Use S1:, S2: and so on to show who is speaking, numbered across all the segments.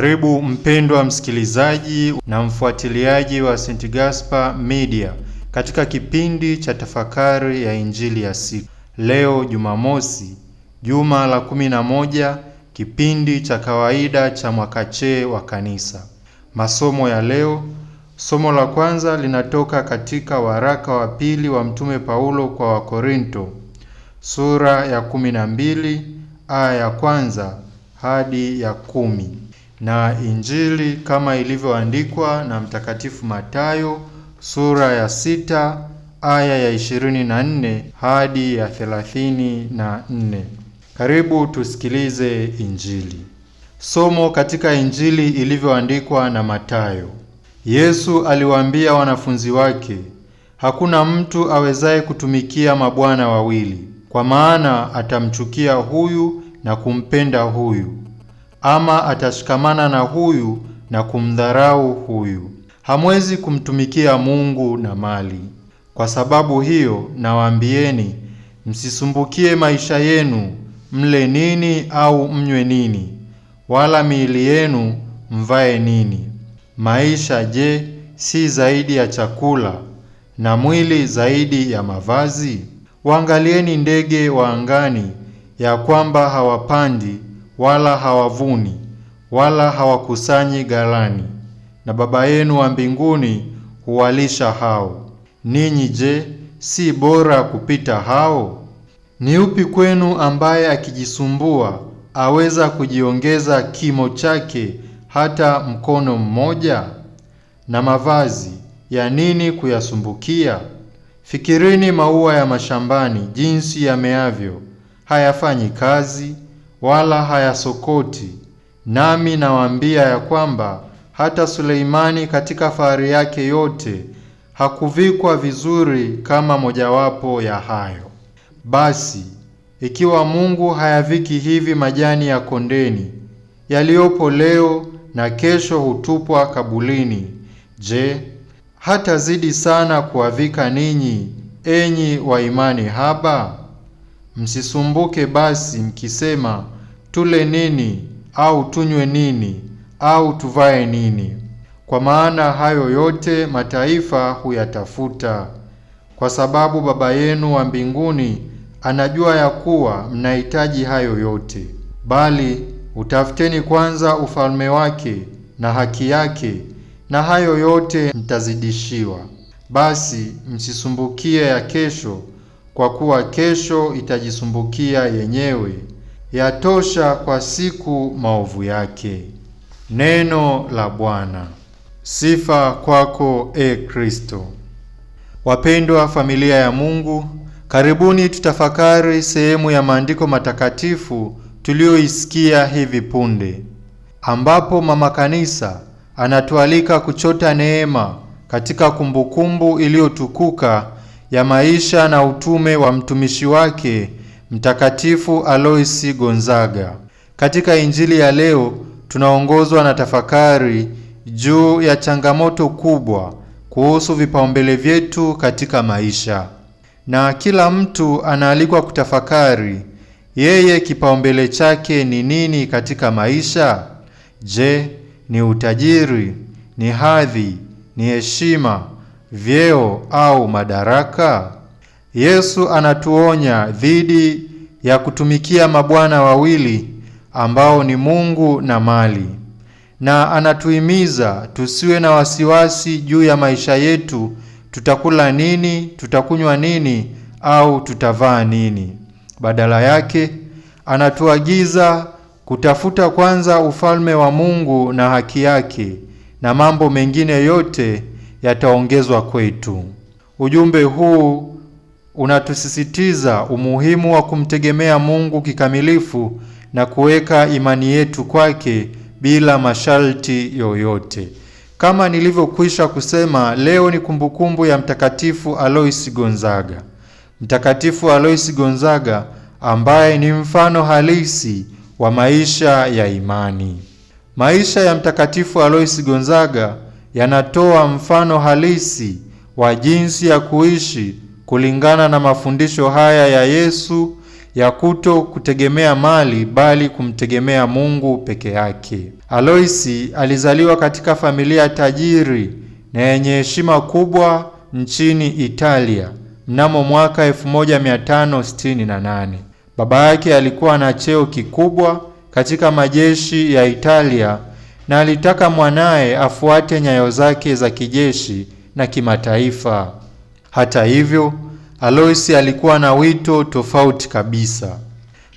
S1: Karibu mpendwa msikilizaji na mfuatiliaji wa St. Gaspar Media katika kipindi cha tafakari ya Injili ya siku. Leo Jumamosi, juma la 11 moja, kipindi cha kawaida cha mwaka C wa Kanisa. Masomo ya leo, somo la kwanza linatoka katika waraka wa pili wa Mtume Paulo kwa Wakorinto sura ya 12 aya ya kwanza hadi ya kumi na Injili kama ilivyoandikwa na Mtakatifu Mathayo sura ya sita aya ya 24 hadi ya 34. Karibu tusikilize Injili. Somo katika Injili ilivyoandikwa na Mathayo. Yesu aliwaambia wanafunzi wake, hakuna mtu awezaye kutumikia mabwana wawili, kwa maana atamchukia huyu na kumpenda huyu ama atashikamana na huyu na kumdharau huyu. Hamwezi kumtumikia Mungu na mali. Kwa sababu hiyo, nawaambieni msisumbukie maisha yenu, mle nini au mnywe nini, wala miili yenu mvae nini. Maisha je, si zaidi ya chakula, na mwili zaidi ya mavazi? Waangalieni ndege wa angani, ya kwamba hawapandi wala hawavuni wala hawakusanyi galani, na Baba yenu wa mbinguni huwalisha hao. Ninyi je, si bora kupita hao? Ni upi kwenu ambaye akijisumbua aweza kujiongeza kimo chake hata mkono mmoja? Na mavazi ya nini kuyasumbukia? Fikirini maua ya mashambani, jinsi yameavyo; hayafanyi kazi wala hayasokoti. Nami nawaambia ya kwamba hata Suleimani katika fahari yake yote hakuvikwa vizuri kama mojawapo ya hayo. Basi ikiwa Mungu hayaviki hivi majani ya kondeni yaliyopo leo na kesho hutupwa kabulini, je, hatazidi sana kuwavika ninyi, enyi wa imani haba? Msisumbuke basi mkisema, tule nini au tunywe nini au tuvae nini? Kwa maana hayo yote mataifa huyatafuta, kwa sababu Baba yenu wa mbinguni anajua ya kuwa mnahitaji hayo yote. Bali utafuteni kwanza ufalme wake na haki yake, na hayo yote mtazidishiwa. Basi msisumbukie ya kesho kwa kuwa kesho itajisumbukia yenyewe, yatosha kwa siku maovu yake. Neno la Bwana. Sifa kwako e Kristo. Wapendwa familia ya Mungu, karibuni tutafakari sehemu ya maandiko matakatifu tuliyoisikia hivi punde, ambapo mama kanisa anatualika kuchota neema katika kumbukumbu iliyotukuka ya maisha na utume wa mtumishi wake Mtakatifu Aloisi Gonzaga. Katika Injili ya leo tunaongozwa na tafakari juu ya changamoto kubwa kuhusu vipaumbele vyetu katika maisha, na kila mtu anaalikwa kutafakari yeye kipaumbele chake ni nini katika maisha. Je, ni utajiri? Ni hadhi? Ni heshima? vyeo au madaraka? Yesu anatuonya dhidi ya kutumikia mabwana wawili ambao ni Mungu na mali, na anatuhimiza tusiwe na wasiwasi juu ya maisha yetu, tutakula nini, tutakunywa nini au tutavaa nini. Badala yake anatuagiza kutafuta kwanza ufalme wa Mungu na haki yake, na mambo mengine yote yataongezwa kwetu. Ujumbe huu unatusisitiza umuhimu wa kumtegemea Mungu kikamilifu na kuweka imani yetu kwake bila masharti yoyote. Kama nilivyokwisha kusema, leo ni kumbukumbu ya Mtakatifu Alois Gonzaga. Mtakatifu Alois Gonzaga ambaye ni mfano halisi wa maisha ya imani. Maisha ya Mtakatifu Alois Gonzaga yanatoa mfano halisi wa jinsi ya kuishi kulingana na mafundisho haya ya Yesu ya kuto kutegemea mali bali kumtegemea Mungu peke yake. Aloisi alizaliwa katika familia tajiri na yenye heshima kubwa nchini Italia mnamo mwaka 1568. Baba yake alikuwa na cheo kikubwa katika majeshi ya Italia na alitaka mwanaye afuate nyayo zake za kijeshi na kimataifa. Hata hivyo, Aloisi alikuwa na wito tofauti kabisa.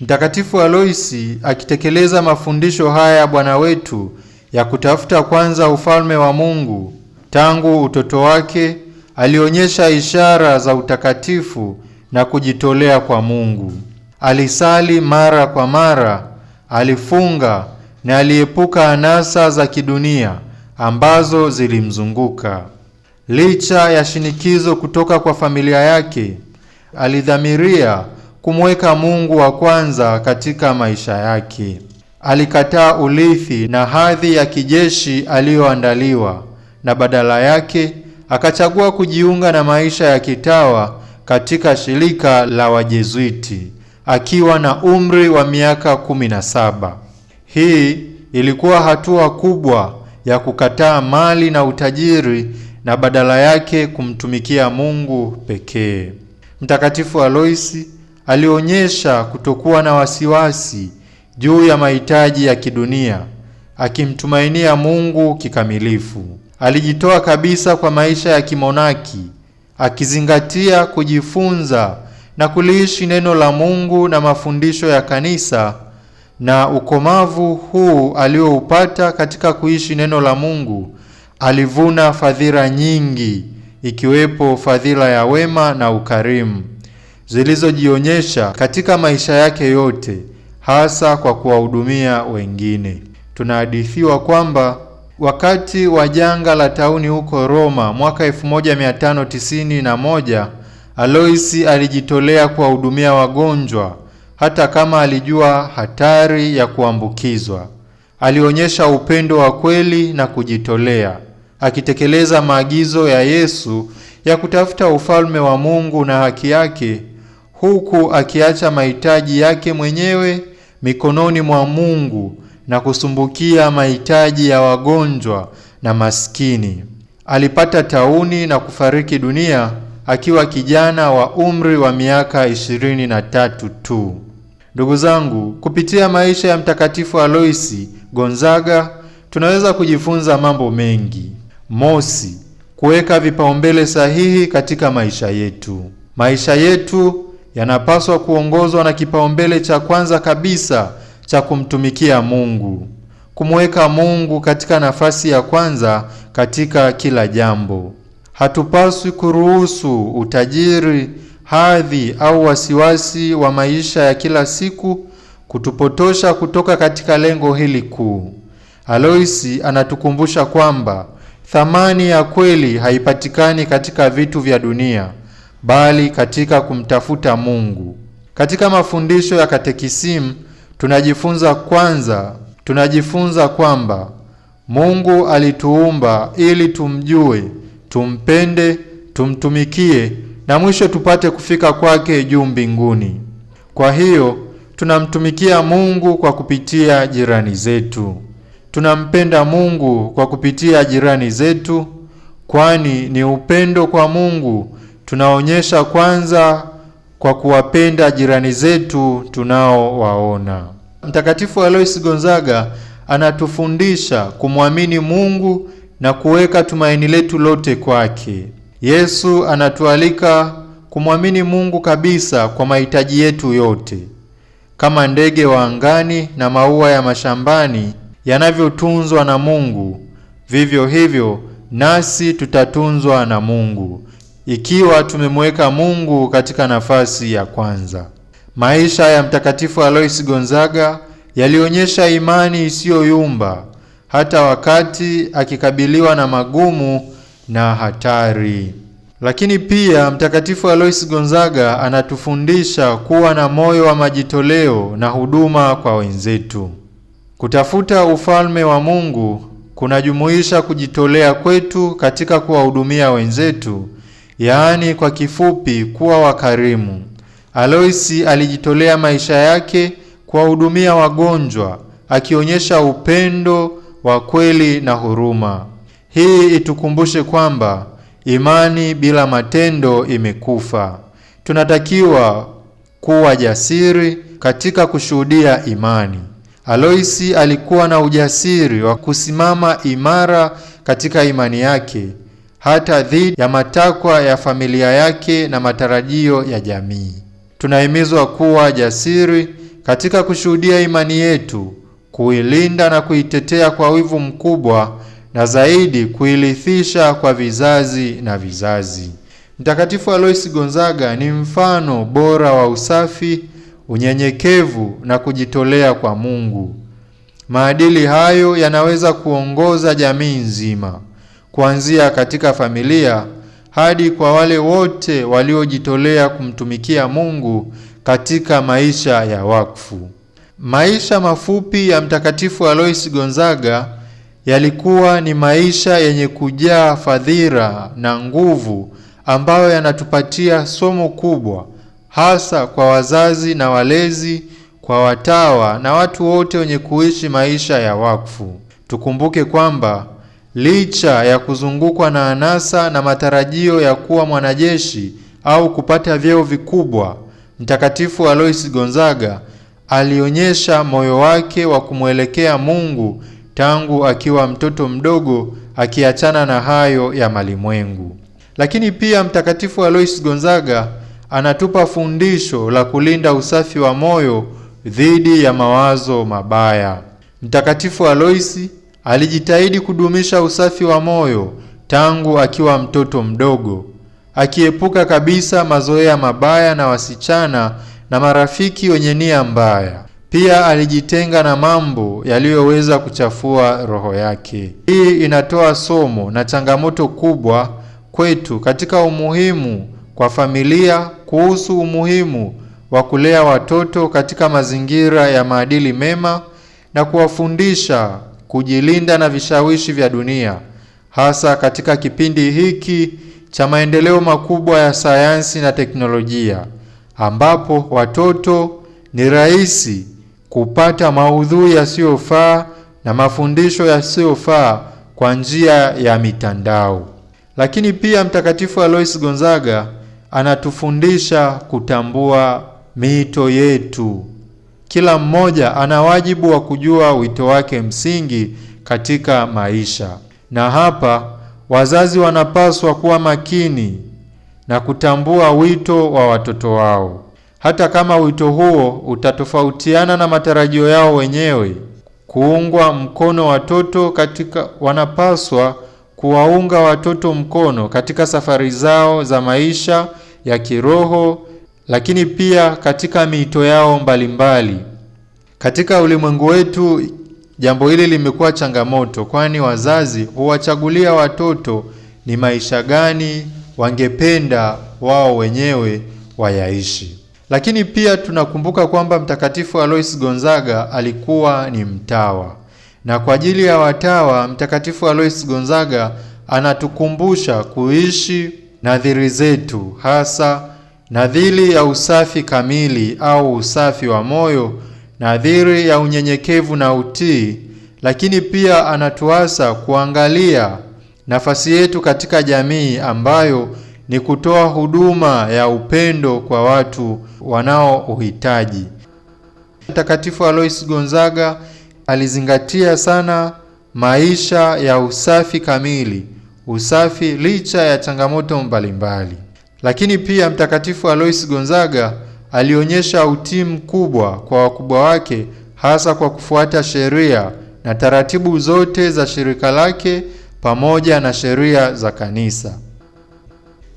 S1: Mtakatifu Aloisi akitekeleza mafundisho haya ya Bwana wetu ya kutafuta kwanza ufalme wa Mungu, tangu utoto wake alionyesha ishara za utakatifu na kujitolea kwa Mungu. Alisali mara kwa mara, alifunga na aliepuka anasa za kidunia ambazo zilimzunguka. Licha ya shinikizo kutoka kwa familia yake, alidhamiria kumweka Mungu wa kwanza katika maisha yake. Alikataa urithi na hadhi ya kijeshi aliyoandaliwa, na badala yake akachagua kujiunga na maisha ya kitawa katika shirika la Wajezuiti akiwa na umri wa miaka kumi na saba. Hii ilikuwa hatua kubwa ya kukataa mali na utajiri na badala yake kumtumikia Mungu pekee. Mtakatifu Alois alionyesha kutokuwa na wasiwasi juu ya mahitaji ya kidunia, akimtumainia Mungu kikamilifu. Alijitoa kabisa kwa maisha ya kimonaki, akizingatia kujifunza na kuliishi neno la Mungu na mafundisho ya kanisa na ukomavu huu alioupata katika kuishi neno la Mungu, alivuna fadhila nyingi, ikiwepo fadhila ya wema na ukarimu zilizojionyesha katika maisha yake yote, hasa kwa kuwahudumia wengine. Tunahadithiwa kwamba wakati wa janga la tauni huko Roma mwaka 1591 Aloisi alijitolea kuwahudumia wagonjwa hata kama alijua hatari ya kuambukizwa. Alionyesha upendo wa kweli na kujitolea, akitekeleza maagizo ya Yesu ya kutafuta ufalme wa Mungu na haki yake, huku akiacha mahitaji yake mwenyewe mikononi mwa Mungu na kusumbukia mahitaji ya wagonjwa na maskini. Alipata tauni na kufariki dunia akiwa kijana wa umri wa miaka ishirini na tatu tu. Ndugu zangu, kupitia maisha ya Mtakatifu Aloisi Gonzaga tunaweza kujifunza mambo mengi. Mosi, kuweka vipaumbele sahihi katika maisha yetu. Maisha yetu yanapaswa kuongozwa na kipaumbele cha kwanza kabisa cha kumtumikia Mungu, kumweka Mungu katika nafasi ya kwanza katika kila jambo. Hatupaswi kuruhusu utajiri hadhi au wasiwasi wa maisha ya kila siku kutupotosha kutoka katika lengo hili kuu. alois anatukumbusha kwamba thamani ya kweli haipatikani katika vitu vya dunia bali katika kumtafuta Mungu. Katika mafundisho ya katekisimu tunajifunza kwanza, tunajifunza kwamba Mungu alituumba ili tumjue, tumpende, tumtumikie na mwisho tupate kufika kwake juu mbinguni. Kwa hiyo tunamtumikia Mungu kwa kupitia jirani zetu. Tunampenda Mungu kwa kupitia jirani zetu, kwani ni upendo kwa Mungu tunaonyesha kwanza kwa kuwapenda jirani zetu tunaowaona. Mtakatifu Alois Gonzaga anatufundisha kumwamini Mungu na kuweka tumaini letu lote kwake. Yesu anatualika kumwamini Mungu kabisa kwa mahitaji yetu yote, kama ndege wa angani na maua ya mashambani yanavyotunzwa na Mungu, vivyo hivyo nasi tutatunzwa na Mungu ikiwa tumemweka Mungu katika nafasi ya kwanza. Maisha ya Mtakatifu Alois Gonzaga yalionyesha imani isiyoyumba hata wakati akikabiliwa na magumu na hatari. Lakini pia Mtakatifu Alois Gonzaga anatufundisha kuwa na moyo wa majitoleo na huduma kwa wenzetu. Kutafuta ufalme wa Mungu kunajumuisha kujitolea kwetu katika kuwahudumia wenzetu, yaani kwa kifupi, kuwa wakarimu. Aloisi alijitolea maisha yake kuwahudumia wagonjwa, akionyesha upendo wa kweli na huruma. Hii itukumbushe kwamba imani bila matendo imekufa. Tunatakiwa kuwa jasiri katika kushuhudia imani. Aloisi alikuwa na ujasiri wa kusimama imara katika imani yake hata dhidi ya matakwa ya familia yake na matarajio ya jamii. Tunahimizwa kuwa jasiri katika kushuhudia imani yetu, kuilinda na kuitetea kwa wivu mkubwa na zaidi kuirithisha kwa vizazi na vizazi. Mtakatifu Alois Gonzaga ni mfano bora wa usafi, unyenyekevu na kujitolea kwa Mungu. Maadili hayo yanaweza kuongoza jamii nzima, kuanzia katika familia hadi kwa wale wote waliojitolea kumtumikia Mungu katika maisha ya wakfu. Maisha mafupi ya Mtakatifu Alois Gonzaga yalikuwa ni maisha yenye kujaa fadhila na nguvu ambayo yanatupatia somo kubwa hasa kwa wazazi na walezi, kwa watawa na watu wote wenye kuishi maisha ya wakfu. Tukumbuke kwamba licha ya kuzungukwa na anasa na matarajio ya kuwa mwanajeshi au kupata vyeo vikubwa, Mtakatifu Alois Gonzaga alionyesha moyo wake wa kumwelekea Mungu tangu akiwa mtoto mdogo, akiachana na hayo ya malimwengu. Lakini pia Mtakatifu Alois Gonzaga anatupa fundisho la kulinda usafi wa moyo dhidi ya mawazo mabaya. Mtakatifu Alois alijitahidi kudumisha usafi wa moyo tangu akiwa mtoto mdogo, akiepuka kabisa mazoea mabaya na wasichana na marafiki wenye nia mbaya. Pia alijitenga na mambo yaliyoweza kuchafua roho yake. Hii inatoa somo na changamoto kubwa kwetu katika umuhimu kwa familia kuhusu umuhimu wa kulea watoto katika mazingira ya maadili mema na kuwafundisha kujilinda na vishawishi vya dunia hasa katika kipindi hiki cha maendeleo makubwa ya sayansi na teknolojia ambapo watoto ni rahisi kupata maudhui yasiyofaa na mafundisho yasiyofaa kwa njia ya mitandao. Lakini pia Mtakatifu Alois Gonzaga anatufundisha kutambua miito yetu. Kila mmoja ana wajibu wa kujua wito wake msingi katika maisha, na hapa wazazi wanapaswa kuwa makini na kutambua wito wa watoto wao hata kama wito huo utatofautiana na matarajio yao wenyewe. Kuungwa mkono watoto katika, wanapaswa kuwaunga watoto mkono katika safari zao za maisha ya kiroho, lakini pia katika miito yao mbalimbali mbali. Katika ulimwengu wetu jambo hili limekuwa changamoto, kwani wazazi huwachagulia watoto ni maisha gani wangependa wao wenyewe wayaishi. Lakini pia tunakumbuka kwamba Mtakatifu Alois Gonzaga alikuwa ni mtawa, na kwa ajili ya watawa Mtakatifu Alois Gonzaga anatukumbusha kuishi nadhiri zetu, hasa nadhiri ya usafi kamili au usafi wa moyo, nadhiri ya unyenyekevu na utii. Lakini pia anatuasa kuangalia nafasi yetu katika jamii ambayo ni kutoa huduma ya upendo kwa watu wanaouhitaji. Mtakatifu Alois Gonzaga alizingatia sana maisha ya usafi kamili, usafi licha ya changamoto mbalimbali. Lakini pia Mtakatifu Alois Gonzaga alionyesha utii mkubwa kwa wakubwa wake, hasa kwa kufuata sheria na taratibu zote za shirika lake pamoja na sheria za kanisa.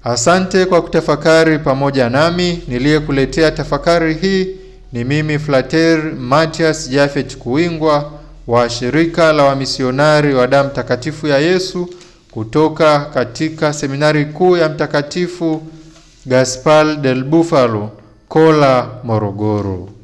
S1: Asante kwa kutafakari pamoja nami. Niliyekuletea tafakari hii ni mimi Flater Matias Jafet Kuingwa wa shirika la wamisionari wa damu takatifu ya Yesu kutoka katika seminari kuu ya Mtakatifu Gaspar del Bufalo, Kola, Morogoro.